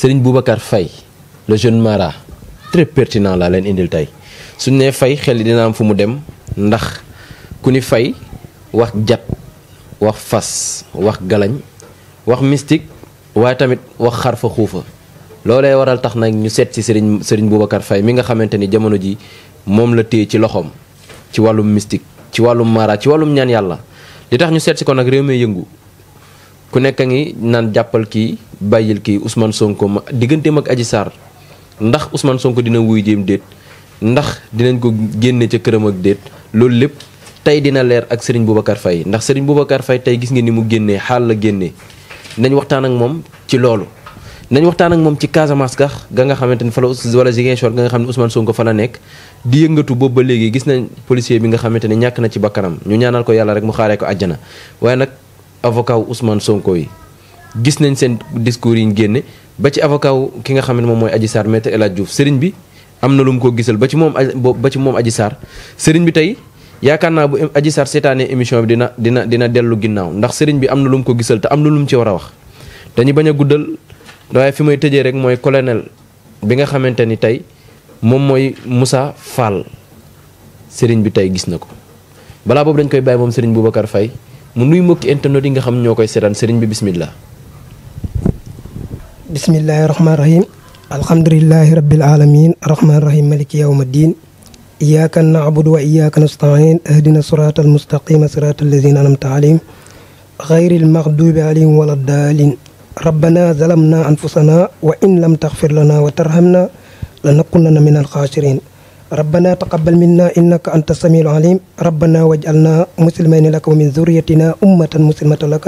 Serigne Boubacar Faye le jeune mara très pertinent laa leen indil tey suñ nee fay xel yi dina am fu mu dem ndax ku ni fay wax jat wax fas wax galañ wax mistik waaye tamit wax xar fa xuufa loolee waral tax nag ñu seet ci Serigne Serigne Boubacar Faye mi nga xamante ni jamono ji moom la téye ci loxoom ci wàllum mystique ci wàllum mara ci wàllum ñaan yàlla li tax ñu seet si ko nag réew mi yëngu ku nekk a ngi naan jàppal kii bàyyil ki Ousmane Sonko ma digganteem ak aji Sarr ndax Ousmane Sonko dina wuy jéem déet ndax dinañ ko génne ca këram ak déet loolu lépp tey dina leer ak Serigne Boubacar fay ndax Serigne Boubacar fay tey gis ngeen ni mu génnee xaal la génnee nañ waxtaan ak moom ci loolu. nañ waxtaan ak moom ci Casamance gax ga nga xamante ni fa la wala Ziguinchor ga nga xam ne Ousmane Sonko fa la nekk di yëngatu boobu ba léegi gis na policier bi nga xamante ne ñàkk na ci bakkanam ñu ñaanal ko yàlla rek mu xaaree ko àjjana avocat wu Sonko yi gis nañ seen discours yi ñu ba ci avocat ki nga xam ne moom mooy Adji Sarr maître El Hadj Diouf sëriñ bi am na lu mu ko gisal ba ci moom ba ci moom Adji Sarr sëriñ bi tey yaakaar naa bu Adji Sarr seetaanee émission bi dina dina dina dellu ginnaaw ndax sëriñ bi am na lu mu ko gisal te am na lu mu ci war a wax dañu bañ a guddal waaye fi may tëjee rek mooy colonel bi nga xamante ni tey moom mooy Moussa Fall sëriñ bi tey gis na ko balaa boobu dañ koy bàyyi moom sëriñ Boubacar Faye mu nuy mbokki internet yi nga xam ñoo koy seetaan sëriñ bi bismillah bismillahi rahmaani rahim alhamdulilahi rabbil alamin rahmaani rahim maliki yawma din iyyaka na'budu wa iyyaka nasta'in ihdina siratal mustaqima siratal ladzina an'amta alayhim ghayril maghdubi alayhim waladdaalin ربنا ظلمنا أنفسنا وإن لم تغفر لنا وترحمنا لنكونن من الخاسرين ربنا تقبل منا إنك أنت السميع العليم ربنا واجعلنا مسلمين لك ومن ذريتنا أمة مسلمة لك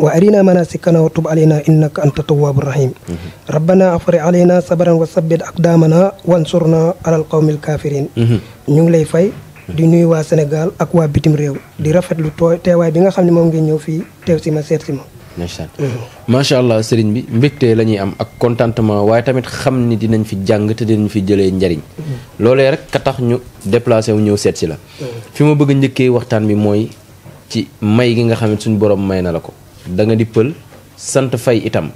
وأرنا مناسكنا وتب علينا إنك أنت التواب الرحيم ربنا أفرغ علينا صبرا وثبت أقدامنا وانصرنا على القوم الكافرين ñu ngi lay fay di nuyu waa Sénégal ak waa bitim réew di rafetlu tooy teewaay bi nga xam ne moom ngeen ñëw fii teew si ma seet si ma ndeysaan macha allah sëriñ bi mbégte la ñuy am ak contentement waaye tamit xam ni dinañ fi jàng te dinañ fi jëlee njariñ mm. loolee rek ka tax ñu déplacé wu ñëw seet si la fi ma bëgg njëkkee waxtaan bi mooy ci may gi nga xam ne suñu borom may na la ko danga nga di pël sant fay itam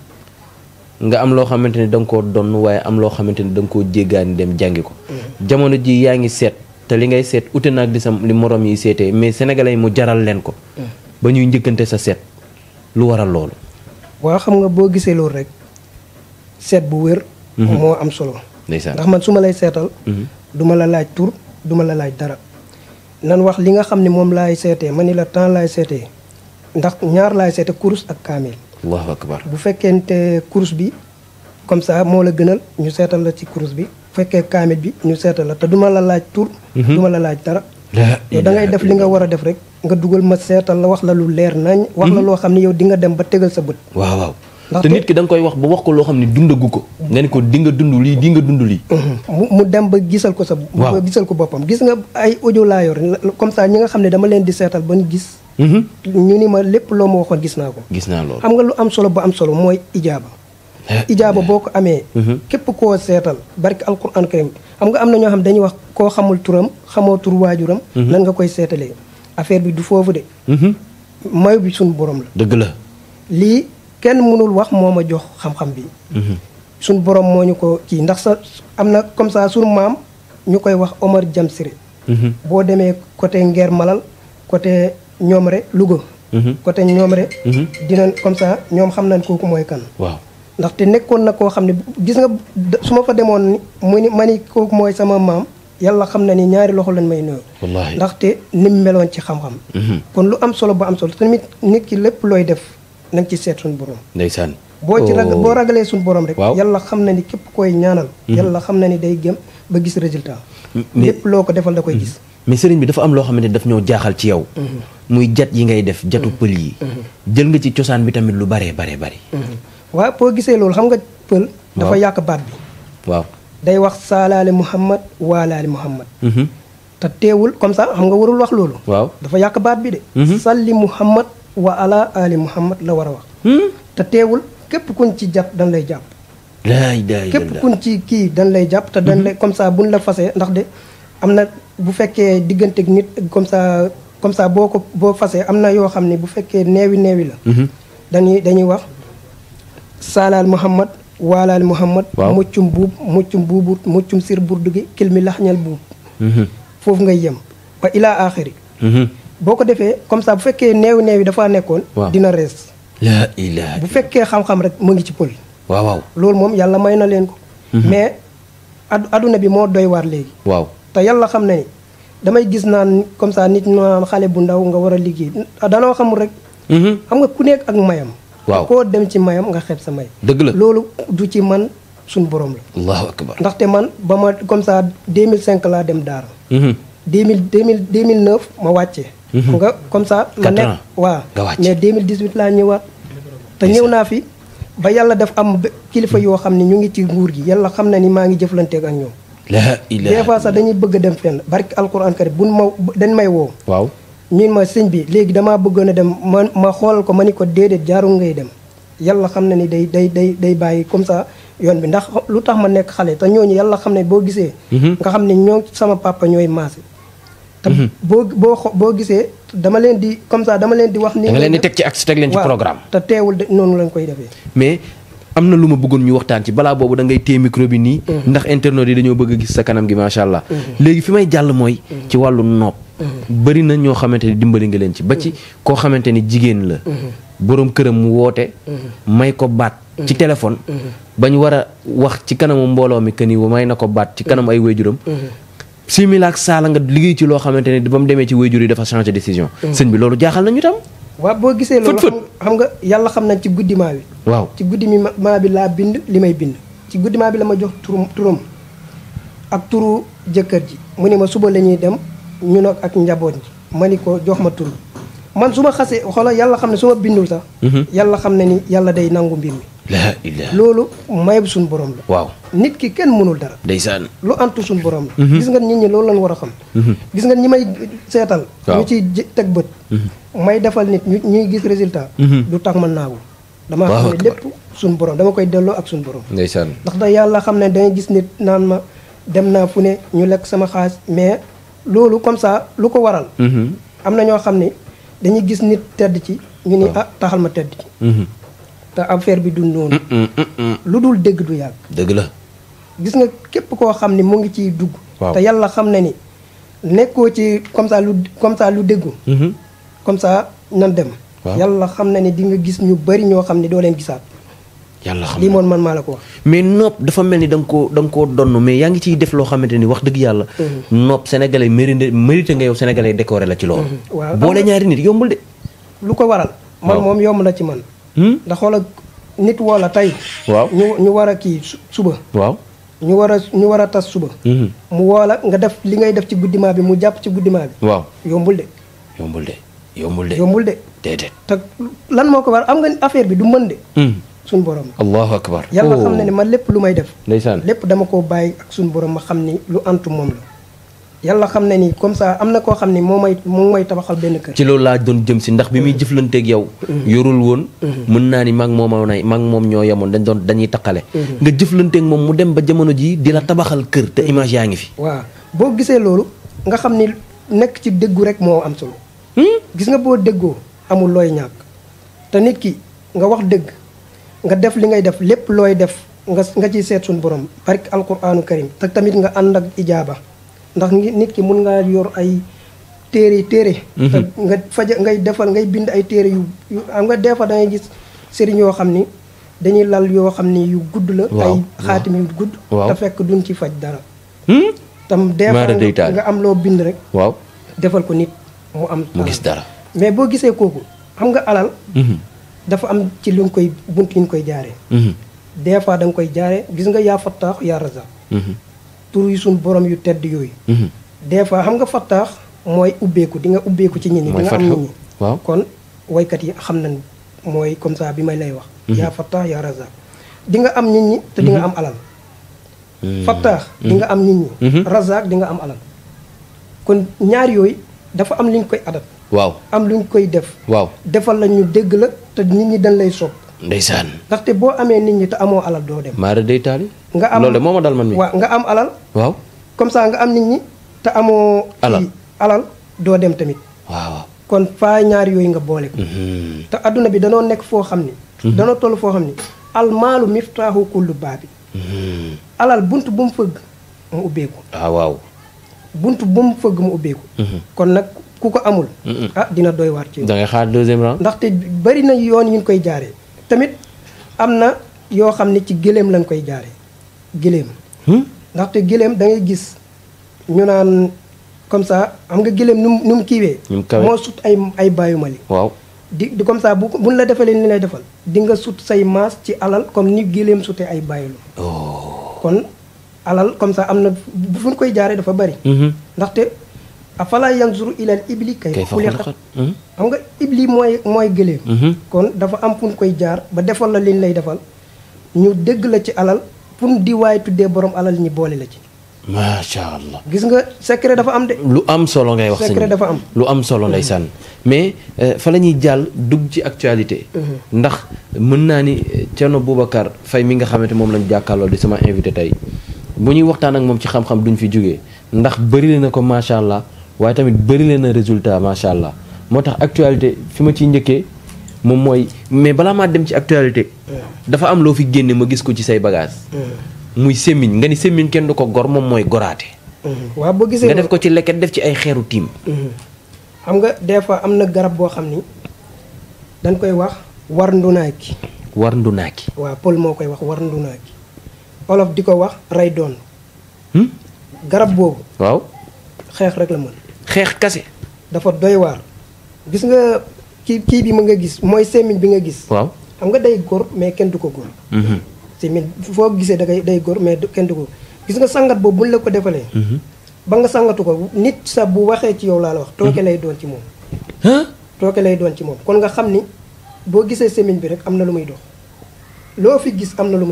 nga am loo xamante ni da ko donn waaye am loo xamante ni da nga koo jéggaani dem jàngi ko jamono ji yaa ngi seet te li ngay seet ute naag di sa li morom yi seetee mais sénégalais yi mu leen ko ba sa seet lu waral loolu. waaw xam nga boo gisee loolu rek seet bu wér. Mhm. moo am solo. ndax man su ma lay seetal. Mhm. duma la laaj tur duma la laaj dara. nan wax li nga xam ne moom laay seetee ma ni la temps laay seetee ndax ñaar laay seete kurus ak kaamil. allahu bu fekkente kurus bi comme ça moo la gënal ñu seetal la ci kurus bi. bu fekkee kaamil bi ñu seetal la te duma la laaj tur. Mhm. duma la laaj dara. da ngay def li nga war a def rek. nga dugal ma seetal la wax la lu leer nañ. wax la hmm? loo xam ne yow di nga dem ba tegal sa bët. waaw waaw. te nit ki da nga koy wax ba wax ko loo xam ne dundagu ko nga ne ko di nga dund lii di nga dund lii hmm. mu dem ba gisal ko sa gisal ko boppam gis nga ay audio laa yor comme ça ñi nga xam ne dama leen di seetal ba ñu gis hmm. ñu ni ma lépp loo ma waxoon gis naa ko gis naa loolu xam nga lu am solo ba am solo mooy ijaaba eh. ijaaba boo ko amee képp koo seetal barke alquran karim xam nga am na ñoo xam dañuy wax koo xamul turam xamoo tur waajuram lan nga affaire bi du foofu de. Mhm. mayu bi suñu borom la. dëgg la. lii kenn mënul wax moo ma jox xam-xam bi. Mhm. suñu borom moo ñu ko kii ndax sa am na comme ça suñu maam ñu koy wax Omar Jamsire. Mhm. boo demee côté Nguer Malal côté Ñoomre Louga. côté Ñoomre. dinañ comme ça ñoom xam nañ kooku mooy kan. waaw ndaxte nekkoon na koo xam ne gis nga su ma fa demoon ni mu ni ma ni mooy sama maam. yàlla xam na ni ñaari loxo lañ may nuyu ndaxte ni mu meloon ci xam-xam mhm. kon lu am solo ba am solo tamit nit ki lépp looy def na ci seet suñu borom ndeysaan boo ci oh. boo ragalee suñu borom rek yàlla xam na ni képp koy ñaanal mhm. yàlla xam na ni day jëm ba gis résultat lépp loo ko defal da koy mhm. gis mais sëriñ bi dafa am loo xamante ne daf ñoo jaaxal ci yaw muy jat yi ngay def jatu pël yi jël nga ci cosaan bi tamit lu bare baree bari waaw boo gisee loolu xam nga pël dafa day wax saalaali muhammad waalaali muhammad mhm. te teewul comme ça xam nga warul wax loolu waaw dafa yàq baat bi de mhm. salli muhammad wa ala ali muhammad la war a wax hmm? te teewul képp kuñ ci jàpp dañ lay jàpp képp kuñ ci kii dañ lay jàpp te dañ mhm. lay comme ça buñ la fasee ndax de am na bu fekkee diggante nit comme ça comme ça boo ko boo fasee am na yoo xam ne bu fekkee neewi neewi la dañuy dañuy wax saalaal muhammad waalaal muhammad muccum buub muccum buubu muccum sir burdu gi kilmi laxñal buub mhm. foofu ngay yem ba ilaa aaxiri mhm. boo ko defee comme ça bu fekkee neew neew yi dafaa nekkoon dina rees bu fekkee xam-xam rek mu ngi ci pël waaw loolu moom yàlla may na leen ko mhm. mais aduna bi moo doy waar léegi waaw te yàlla xam na ni damay gis naan comme ça nit naan xale bu ndaw nga war a liggéey danoo xamul rek xam nga ku nekk ak mayam waaw koo dem ci mayam nga xeeb sa may. dëgg la loolu du ci man suñu borom la. allahu akbar ndaxte man ba ma comme ça 2005 laa dem Daara. 2000 2000 2009 ma wàccee. Mhm. nga comme ça. ma nekk waaw mais 2018 laa ñëwaat. te ñëw naa fi ba yàlla def am kilifa yoo xam ne ñu ngi ci nguur gi yàlla xam na ni maa ngi jëflanteeg ak ñoom. la sax dañuy bëgg a dem fenn barki alquran karim bu ma dañ may woo. waaw. min ma sëñ bi léegi damaa bëggoon a dem ma ma xool ko ma ni ko déedéet jaarul ngay dem yàlla xam na ni day day day day bàyyi comme ça yoon bi ndax lu tax ma nekk xale te ñooñu yàlla xam ne boo gisee. Mhm. nga xam ne ñoo sama papa ñooy maase. te mhm. boo boo boo gisee dama leen di comme ça dama leen di wax. ni nga leen di teg ci axe teg leen ci programme. te teewul noonu lañ koy defee. mais am na lu ma bëggoon ñu waxtaan ci balaa boobu da ngay téye micro bi nii. Mhm. ndax internautes yi dañoo bëgg a gis sa kanam gi macha allah. bëri na ñoo xamante ni dimbali nga leen ci ba ci koo xamante ni jigéen la boroom këram mu woote may ko baat ci téléphone ñu war a wax ci kanamu mbooloo mi que ni may na ko baat ci kanam ay wéyjuram simila ak saala nga liggéey ci loo xamante ne ba mu demee ci wéyjur yi dafa changé décision sëñ bi loolu jaaxal nañu tam waaw boo gisee loolu xam nga yàlla xam nañ ci guddi maa bi waaw ci guddi mi maa bi laa bind li may bind ci guddi maa bi la ma jox turum turam ak turu jëkkër ji ne ma suba la ñuy dem ñu nag ak njaboot ni maniko jox ma tur man suma xasse xolo yalla xamne suma bindul sax mhm. yalla xamne ni yalla day nangu mbir mi la ilaha may bu sun borom la waw nit ki kenn munul dara ndeysaan lu antu sun borom la mhm. gis nga nit ñi lolu lañ wara xam mhm. gis nga ñi may ñu ci tek beut may defal nit ñi gis résultat du tax man naagul dama xam ne lépp borom dama koy delo ak sun borom ndeysaan ndax da yalla xamne ne gis nit nan ma dem na fune ñu lek sama xaas mais loolu comme ça lu ko waral. Mhm. am na ñoo xam ne dañuy gis nit tedd ci ñu ni ah taxal ma tedd ci. Mhm. te affaire bi du mm, mm, mm, lu dul dégg du yàgg. dégg la. gis nga képp koo xam ne mu ngi ciy dugg. te yàlla xam na ni nekkoo ci comme ça lu comme ça lu déggu. Mhm. comme ça nan dem. yàlla xam na ni di nga gis ñu bari ñoo xam ne doo leen gisaat. yàlla xam lii moom man maa la ko wax. mais nopp dafa mel ni da nga koo da koo donn mais yaa ngi ciy def loo xamante ni wax dëgg yàlla. Mhm. nopp sénégalais mérite mérite nga yow sénégalais décoré la ci loolu. Mhm. boole ñaari nit yombul de. lu ko waral. man moom yomb na ci man. Hmm? ndax xoolal nit woo la waaw ñu war a kii suba. waaw ñu war a ñu war a tas suba. Mhm. mu woo nga def li ngay def ci guddimaa bi mu jàpp ci guddimaa bi. waaw yombul de. yombul de yombul de. yombul de déedéet. te lan moo ko war am nga affaire bi du mën de. Hmm. suñ borom la. allahu akbar yàlla oh. xam na ne man lépp lu may def. ndeysaan lépp dama koo bàyyi ak suñu borom ma xam ni lu antu moom la. yàlla xam na ni comme sax am na koo xam ni moo may moo may tabaxal benn kër. ci loolu laa doon jëm si ndax bi muy mm. jëflanteeg yow. Mm. yorul woon. Mm. mën naa ni maag moom a nay maag moom ñoo yemoon dañ doon dañuy taqale. nga jëflanteeg moom mu dem ba jamono ji di la tabaxal kër te image yaa ngi fi. waaw boo gisee loolu nga xam ni nekk ci déggu rek moo am solo. Hmm? gis nga boo déggoo amul looy ñàkk te nit ki nga wax dëgg nga def li ngay def lépp looy def nga nga ciy seet suñu borom barke alquraanu karim te tamit nga ànd ak ijaaba ndax nit ki mun ngaa yor ay téere téere mhm. nga faja ngay defal ngay bind ay téere yu am nga des fois dangay gis sëriñ yoo xam ni dañuy lal yoo xam ni yu gudd la ay xaatim yu gudd te fekk duñ ci faj dara hmm? tam des fois nga am loo bind rek waaw defal ko nit mu am mu gis dara mais boo gisee kooku xam nga alal mhm. dafa am ci lu ñu koy bunt yu ñu koy jaaree. Mhm. des fois da nga koy jaaree gis nga yaa fattaax yaa razaq. Mhm. tur yu suñ borom yu tedd yooyu. Mhm. des fois xam nga fattaax mooy ubbeeku di nga ubbeeku ci nit ñi. di nga am nit ñi waaw kon waykat yi xam na mooy comme ça bi may lay wax. yaa fattaax yaa razaq di nga am nit ñi te di nga am alal. fattaax di nga am nit ñi. razaq di nga am alal kon ñaar yooyu dafa am liñ koy adat. waaw am lu ñu koy def. waaw defal la ñu dégg la te nit ñi dañ lay soog sopp. ndeysaan. ndaxte boo amee nit ñi te amoo alal doo dem. maara day taali. nga am loolu de moo ma dal man mi waaw nga am alal. waaw comme ça nga am nit ñi te amoo. alal alal doo dem tamit. waaw kon faa ñaari yooyu nga boole ko. Mhm. te adduna bi danoo nekk foo xam ni. Mhm. danoo toll foo xam ni almaalu miftaahu kullu baabi. Mhm. alal bunt bu mu fëgg mu ubbeeku. Ah, waaw bunt bu mu fëgg mu ubbeeku. kon nag. ku ko amul. ah dina dooy waar ci da ngay xaar deuxième rang. ndaxte bari na yoon yu ñu koy jaaree tamit am na yoo xam ne ci gëléem lañ koy jaaree gëléem. Hmm? ndaxte gëléem dangay gis ñu naan comme ça am nga gëléem nu mu nu mu kiiwee. moo sut ay ay baayu Mali. waaw di di comme ça bu buñ la defalee ni lay defal dinga sut say maas ci alal comme ni gëléem sutee ay baayu la. Oh. kon alal comme ça am na fu ñu koy jaaree dafa bari. Mm-hmm. ndaxte. afala yanzuru ilal ibli kay xuliqat hmm? xam nga ibli mooy mooy gëléem hmm. kon dafa am pour koy jaar ba defal la liñ lay defal ñu dëgg la ci alal pour di waay tuddee borom alal ñi boole la ci macha allah gis nga secret dafa am de. lu am solo ngay wax. secret dafa am lu am solo ndeysaan. mais euh, fa la ñuy jàll dugg ci actualité. Mhm. ndax mën naa ni euh, Thierno Boubacar Faye mi nga xamante moom lañ jàkkaaloo di sama invité tey bu ñuy waxtaan ak moom ci xam-xam duñ fi jógee ndax bëri na ko macha allah waaye tamit bëri leen na résultat macha allah moo tax actualité fi ma ciy njëkkee moom mooy mais balaa maa dem ci actualité. Eh. dafa am loo fi génne ma gis ko ci say bagage eh. muy semmiñ nga ni semmiñ kenn du ko gor moom mooy goraate. Eh. waaw boo gisee nga def ko ci leket def ci ay xeeru tiim. xam nga des fois am na garab boo xam ni dañ koy wax war ndunaaki. war ndunaaki. waaw pël moo koy wax war ndunaaki olof di ko wax rey doon. Hmm? garab boobu. waaw xeex rek la mën. xeex kasse dafa doy war gis nga ki bi ma nga gis moy semmiñ bi nga gis waaw xam nga day gor mais kenn duko gor hmm semmiñ fo gisse da day gor mais kenn duko gis nga sangat boobu buñ la ko hmm ba nga sangatu ko nit sa bu waxe ci yow laa la wax toke mhm. lay don ci moom toke lay don ci mom kon nga xamni bo gisse gisee bi rek am lu muy dox lo fi gis amna dox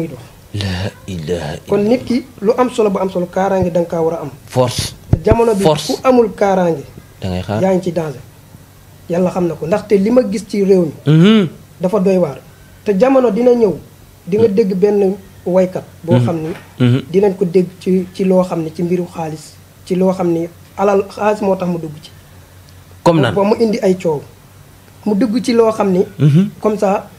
la ilaha kon nit ki lu am solo bu am solo karangi dang ka wara am force jamono bi ku amul kaaraange. yaa ngi ci danger. yàlla xam na ko ndaxte li ma gis ci réew mi. Mhm. dafa doy waar te jamono dina ñëw di mm. dégg benn woykat boo mm. xam ni. Mm-hmm. dinañ ko dégg ci ci loo xam ne ci mbiru xaalis ci loo xam ni alal xaalis moo tax mu dugg ci. comme nan ba mu indi ay coow. mu dugg ci loo xam ni. Mm-hmm. comme ça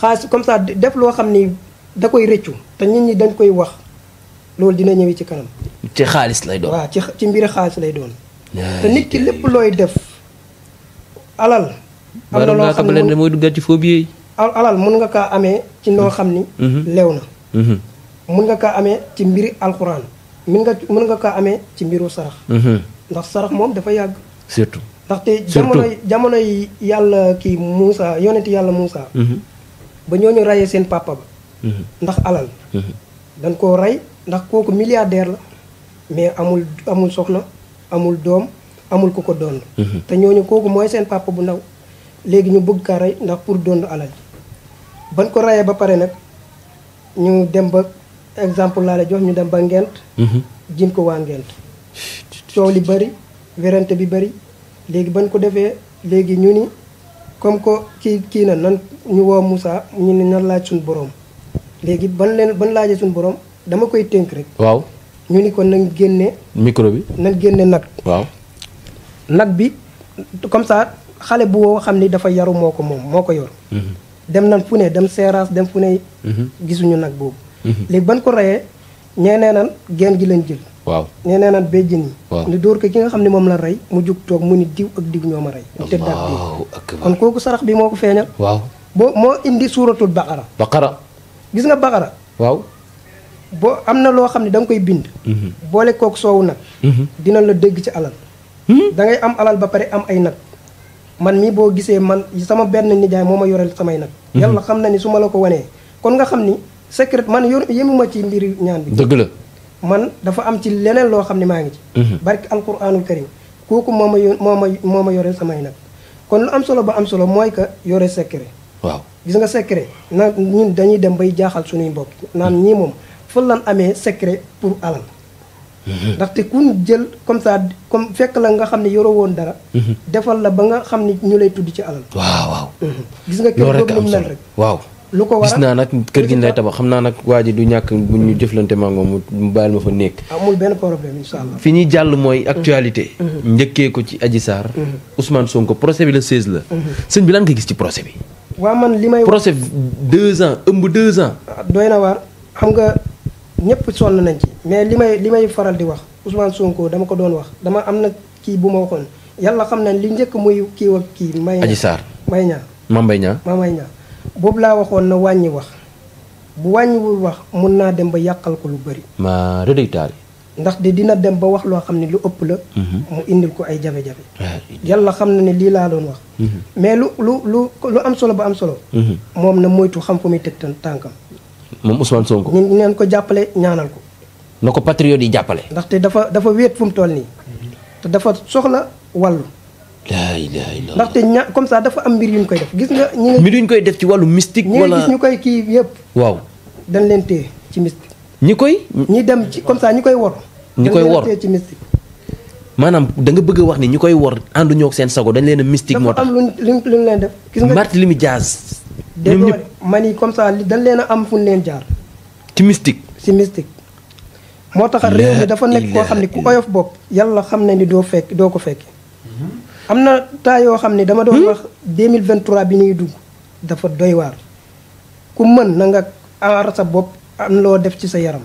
xaalis comme ça def loo xam ni da koy rëccu te nit ñi dañ koy wax loolu dina ñëwi ci kanam. ci xaliss lay doon wa ci ci mbiri xaliss lay doon ya, te nit ki ya. lepp loy def alal am na lo xam ne mooy duggal ci phobie alal mën nga ka amé ci no mm-hmm. xamni mm-hmm. lewna leew na mm-hmm. nga ka amé ci mbiri alxuraan mën nga mën nga ka amé ci mbiru sarax ndax sarax mom dafa yag surtout ndax te jamono jamono yi ki musa yonenti yalla musa Moussa ba ñooñu rayé sen papa ba ndax alal dan ko ray ndax koku milliardaire la mais amul amul soxna amul doom amul ku ko doon. Mhm. te ñooñu kooku mooy seen papa bu ndaw léegi ñu bugg kaa ndax pour doon alal ban ko rayee ba pare nag ñu dem ba exemple laa la jox ñu dem ba ngent mhm. jin ko waa ngent coow li bëri werante bi bëri léegi ban ko defee léegi ñu ni comme que kii kii na nan ñu woo Moussa ñu ni nan laaj suñu borom léegi ban leen ban laaj suñu borom dama koy tënk rek ñu ni ko nañ génné micro bi nañ génné nak waaw nak bi comme ça xalé bu woo xam ni dafa yaru moko mom moko moo ko yor. Mhm. dem nañ fune dem séras dem fune ne. Mhm. gisuñu nak boobu. Mhm. léegi ban ko rayé ñé nee nan gi lañ jël. waaw ñé nee nan béjjën yi. ko ki nga xam ne la ray mu juk tok mu ni diw ak diw ñoma ray té dab bi kon koku sarax bi moko feñal waaw bo mo indi suratul baqara. baqara. gis nga baqara. waaw boo am na loo xam ne da koy bind. Mhm. boole kook soow nag. Mhm. dina la dégg ci alal. Mhm. da ngay am alal ba pare am ay nag. man mii boo gisee man sama benn nijaay moo ma yoreel samay nag. yàlla xam na ni su ma la ko wanee kon nga xam ni secret man yor yemuma ci mbiri ñaan bi. dëgg man dafa am ci leneen loo xam ne maa ngi ci. barki alquranul karim kooku moo ma yor moo ma moo ma yoreel samay nag kon lu am solo ba am solo mooy que yore secret. waaw gis nga secret nag ñun dañuy dem bay jaaxal suñuy mbokk naan ñii moom. fan lan amee secret pour alal. Mhm. ndaxte ku jël comme ça comme fekk la nga xam ne yoro woon dara. Mhm. defal la ba nga xam ne ñu lay tudd ci alal. waaw waaw. Mhm. gis nga kër boobu mu mel rek lu ko waral gis naa nag kër gi ñu lay tabax xam naa nag waa ji du ñàkk bu ñu jëflante maa moom mu bàyyil ma fa nekk. amul benn problème incha allah. fi ñuy jàll mooy actualité. njëkkee ko ci Adji Sarr. Ousmane Sonko procès bi le 16 la. sëñ bi nga gis ci procès bi. waaw man li may procès deux ans ëmb deux ans. Ah, doy na waar xam nga. ñëpp sonn nañ ci mais li may li may faral di wax Ousmane Sonko dama ko doon wax dama am na kii bu ma waxoon yàlla xam ne li njëkk muy kii ak kii. may Adji Sarr may ñaa ma may ñaa ñaa boobu laa waxoon na wàññi wax bu wàññiwul wax mun naa dem ba yàqal ko lu bëri. ma rédacteur ndax di dina dem ba wax loo xam ne lu ëpp la. Mhm. mu indil ko ay jafe-jafe. yàlla xam na ne lii laa doon wax. Mhm. mais lu lu lu lu am solo ba am solo. Mhm. moom na moytu xam fu muy teg tànkam. moom Ousmane Sonko. ñu neen ko jàppale ñaanal ko. na ko patriote yi jàppale. ndaxte dafa dafa wéet fu mu toll nii. te dafa soxla wàllu. ndaxte ña comme ça dafa am mbir yu ñu koy def gis nga. ñi nga koy def ci wàllu mystique. wala ñi gis ñu koy kii yëpp. waaw dañ leen téye ci mystique. ñi koy. ñi dem ci comme ça ñi koy wor. ñi koy wor ci mystique. maanaam da nga bëgg a wax ni ñi koy wor ànduñoo ñoo seen sago dañ leen a moo tax dafa am luñ luñ leen def. gis nga ñoom ñëpp man yi comme ça li dañ leen a am fu leen jaar. ci mystique. ci mystique. moo tax réew mi dafa nekk koo xam ne ku oyof bopp yàlla xam na ni doo fekk doo ko fekki. Mhm. am na temps yoo xam ne dama doon hmm? wax mille 2023 bi ñuy dugg dafa doy waar ku mën na nga aar sa bopp am loo def ci sa yaram.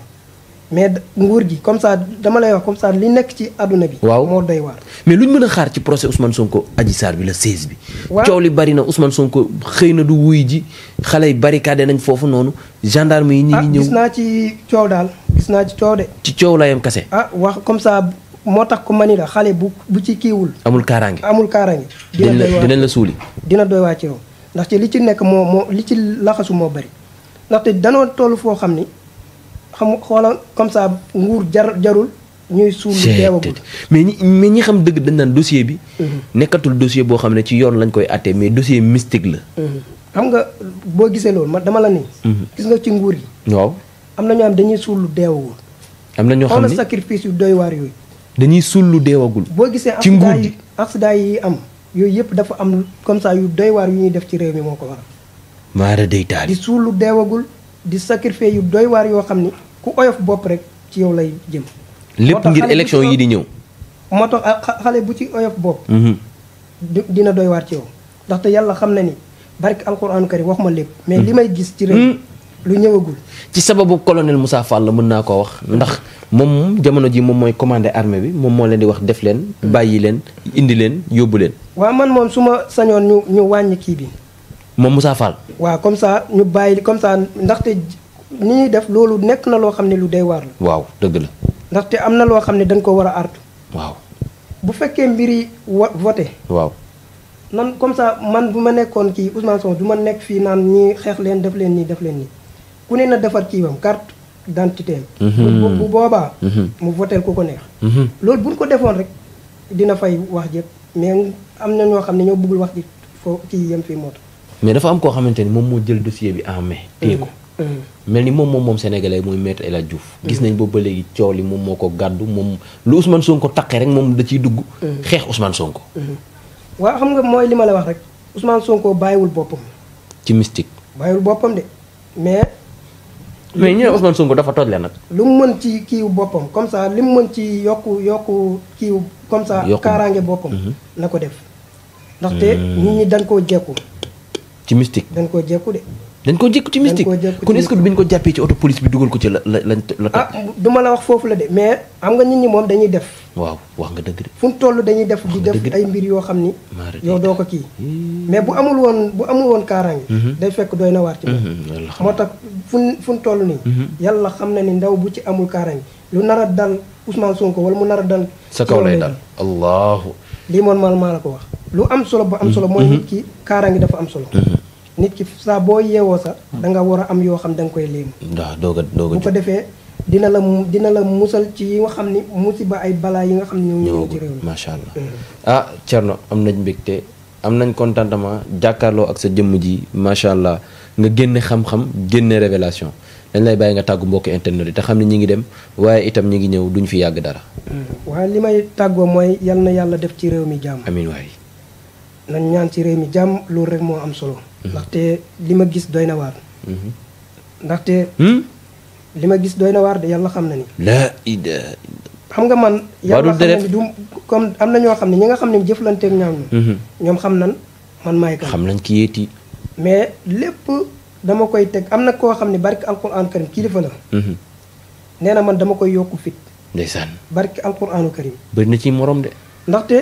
mais nguur gi comme ça dama lay wax comme saa li nekk ci àdduna bi. waaw moo doy waar. mais lu ñu mën a xaar ci procès Ousmane Sonko Adji Sarr bi la 16 bi. waaw coow li bari na Ousmane ko xëy na du wuy ji xale yi barricadé nañ foofu noonu gendarme yi. ñi ngi ah, ñëw gis naa ci coow daal gis naa ci coow de. ci coow la yam kase. ah wax comme ça moo tax ko mani la xale bu bu ci kiiwul. amul kaaraange amul kaaraange. dina doy la suuli. dina doy wàcce ci yow ndax ci li ci nekk moo moo li ci laxasu moo bari ndaxte foo xam ni. xam xoola comme ça nguur jar jarul ñuy suul lu mais ñi mais ñi xam dëgg dañ naan dossier bi mhm. nekkatul dossier boo xam ne ci yoon lañ koy àtte mais dossier mystique la mhm. xam nga boo gisee loolu man dama la ne mhm. gis nga ci nguur yi waaw am na ñoo xam dañuy suul lu deewagul am na ñoo xam ne xoola sacrifice yu doy yooyu dañuy suul lu deewagul boo gisee ci nguur yi accident yi am yooyu yëpp dafa am comme ça yu doywaar yu ñuy def ci réew mi moo ko waral maara day taal di suul lu deewagul di sacrifice yu doy waar yoo xam ni ku oyof bopp rek ci yow lay jëm. lépp ngir élection yi di ñëw. moo tax ah, xale bu ci oyof bopp. Mm-hmm. dina doy waar ci yow. ndaxte yàlla xam na ni barke alxuraanu karim wax ma lépp. Mm-hmm. mais li may gis ci réew lu ñëwagul. ci sababu colonel Moussa Fall mën naa koo wax ndax moom jamono ji moom mooy commandé armee bi moom moo leen di wax def leen mm-hmm. bàyyi leen indi leen yóbbu leen. waaw man moom su ma sañoon ñu ñu wàññi kii bi. moom musa Fall. waaw comme ça ñu bàyyi comme ça ndaxte. ni ñuy def loolu nekk na loo xam ne lu day waar la. waaw dëgg la. ndaxte am na loo xam ne dañ ko war a artu. waaw bu fekkee mbir yi wa voté. waaw nan comme sax man bu ma nekkoon kii Ousmane Sonko du ma nekk fii naan ñii xeex leen def leen nii def leen nii ku ne na defar kii bam carte d'identité mhm. bu boobaa. Mhm. mu voté ku ko neex. Mhm. loolu buñ ko defoon rek dina fay wax jëpp mais am na ñoo xam ne ñoo bëggul wax ji foo kii yem fii moo tax. mais dafa am koo xamante ni moom moo jël dossier bi en main. mel ni mom mom moom sénégalais moy maître ela Diouf gis nañ bo ba léegi coow mom moko gaddu ko lu Ousmane Sonko taqee rek mom da ci dugg xex Ousmane Sonko wa xam nga moy lima la wax rek Ousmane Sonko bayiwul bopam ci mystique bayiwul bopam de mais mais ñu Ousmane Sonko dafa tolé nak lu mu mën ci kiiwu bopam comme ça lim mën ci yokku yokku kiiwu comme ça karangé bopam mhm. nako ko def hmm. ndaxte nit ñi dañ ko djéku ci mystique dañ ko djéku de dañ ko jikko ci mystique kon est ce que du ko jappé ci auto police bi duggal ko ci la lañ la ah duma la wax fofu la dé mais xam nga nit ñi mom dañuy def waaw wax nga deug fuñ tollu dañuy def di def ay mbir yo xamni do ko ki mais bu amul won bu amul won karang mhm. day fekk doyna war ci motax fuñ fuñ tollu ni mhm. yalla xamna ni ndaw bu ci amul karang lu nara dal Ousmane Sonko wala mu nara dal sa kaw lay dal Allahu li mon mal ko wax lu am solo bu am solo moy mhm. nit ki karangi dafa am solo nit ki saa boo yeewoo sax da nga war a am yoo xam da nga koy léemu waaw doog a doog a bu ko defee dina la dina la musal ci yi nga xam ni musiba ay balaa yi nga xam ne ñëw macha allah mm. ah Thierno am nañ mbégte am nañ contentement jàkkaarloo ak sa jëmm ji macha allah nga génne xam-xam génne révélation dañ lay bàyyi nga tàggu mbokki internet yi te xam ne ñi ngi dem waaye itam ñi ngi ñëw duñ fi yàgg dara mm. waaye li may tàggoo mooy yal na yàlla def ci réew mi jàmm amin waay nañ ñaan ci réew mi jàmm loolu rek moo am solo ndaxte li ma gis doy na waar. Mhm. ndaxte. Hmm? li ma gis doy na waar de yàlla xam na ni. xam nga man. yàlla xam na ni du comme am na ñoo xam ne ñi nga xam ne jëflanteeg ñoom. Mhm. ñoom xam na man maay kan. xam nañ ki yéeti. mais lépp dama koy teg am na koo xam ne barki alquraan karim kilifa la. Mhm. nee na man dama koy yokku fit. ndeysaan barki alquraanu karim. bëri na ci morom de. ndaxte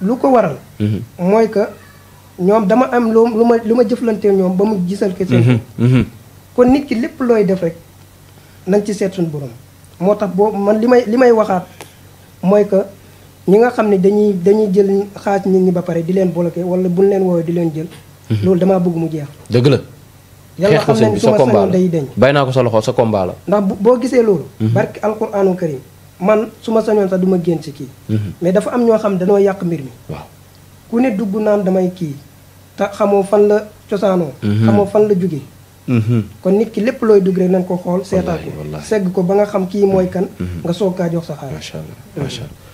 lu ko waral. mooy que. ñoom dama am loo lu ma lu ma jëflante ñoom ba mu gisal ko seen mhm, mhm. kon nit ki lépp looy def rek nañ ci seet suñu borom moo tax boo man li may li may waxaat mooy que ñi nga xam ne dañuy dañuy jël xaaj nit ñi ba pare di leen bloqué wala buñ leen woowee di leen jël mhm. loolu damaa bëgg mu jeex dëgg la yàlla xam nañ su sañoon day deñ bàyyi naa ko sa loxo sa combat la ndax boo gisee loolu barki alquraanu karim man su ma sañoon du ma génn ci kii mais dafa am ñoo xam ne dañoo yàq mbir mi waaw ku ne dugg naan damay kii te xamoo fan la cosaanoo. Mhm. xamoo fan la jóge mhm. kon nit ki lépp looy dugg rek nañ ko xool seetaat ko segg ko ba nga xam kii mooy kan. Mhm. nga soog kaa jox sa xaalis. macha allah allah.